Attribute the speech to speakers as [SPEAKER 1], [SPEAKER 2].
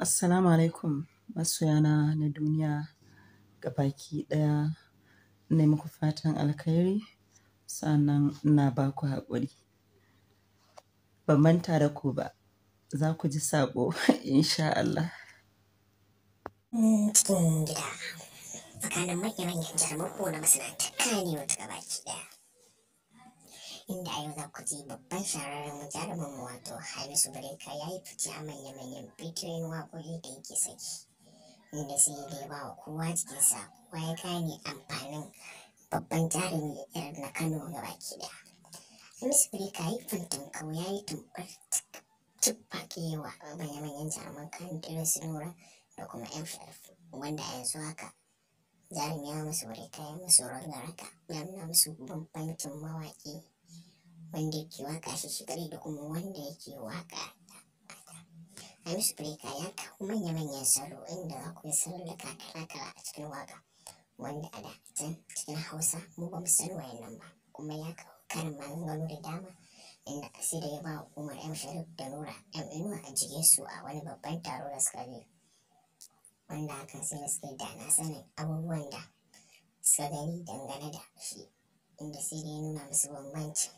[SPEAKER 1] Assalamu alaikum masoyana na duniya baki ɗaya na muku fatan alkhairi sannan na baku haƙuri. Ban manta da ku ba, za ku ji saƙo insha Allah.
[SPEAKER 2] Mm, cikin gida, tsakanin manya yanjar mako na masana'antar wata ta baki ɗaya. inda a yau za ku ji babban shahararren jarumin wato hamisu bireka ya yi fice a manya-manyan bidiyoyin waƙoƙi da yake saki inda sai da ya ba wa kowa jikinsa kowa ya gane amfanin babban jarumi irin na kano ga baki ɗaya hamisu bireka ya yi fantan kawo ya yi tumɓar tuffaƙe wa manya-manyan jaruman kano irin su nura da kuma yan wanda a yanzu haka jarin ya musu wuri ta yi musu rangaraka ya nuna musu bambancin mawaƙi wanda yake waka shi shi kadai da kuma wanda yake waka a miss breaker ya kawo manya-manyan salo inda za ku yi salon kala a cikin waka wanda a da can cikin hausa mu ba mu san wayannan ba kuma ya kawo karin maganganu da dama inda sai da ya ba umar yan sharif da nura yan inuwa a jigin su a wani babban taro da suka gani wanda hakan sai da suke da na sanin abubuwan da suka gani dangane da shi inda sai da ya nuna musu bambancin